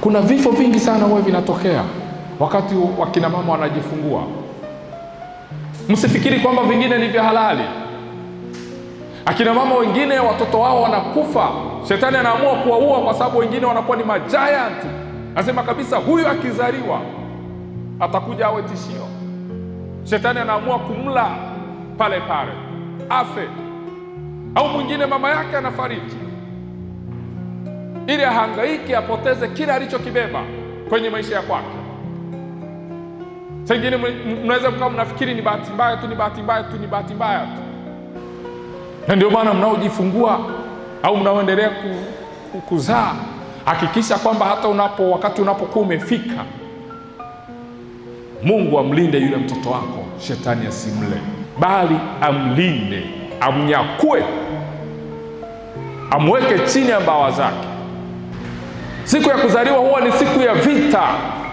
Kuna vifo vingi sana huwa vinatokea wakati wakina mama wanajifungua. Msifikiri kwamba vingine ni vya halali. Akina mama wengine watoto wao wanakufa, shetani anaamua kuwaua kwa sababu wengine wanakuwa ni majiant. Anasema kabisa huyu akizaliwa atakuja awe tishio. Shetani anaamua kumla pale pale afe, au mwingine mama yake anafariki ili ahangaike apoteze kila alichokibeba kwenye maisha ya kwake. Sengine mnaweza mkawa mnafikiri ni bahati mbaya tu, ni bahati mbaya tu, ni bahati mbaya tu, na ndio maana mnaojifungua au mnaoendelea kuzaa, hakikisha kwamba hata unapo wakati unapokuwa umefika, Mungu amlinde yule mtoto wako, shetani asimle, bali amlinde, amnyakue, amweke chini ya mbawa zake. Siku ya kuzaliwa huwa ni siku ya vita.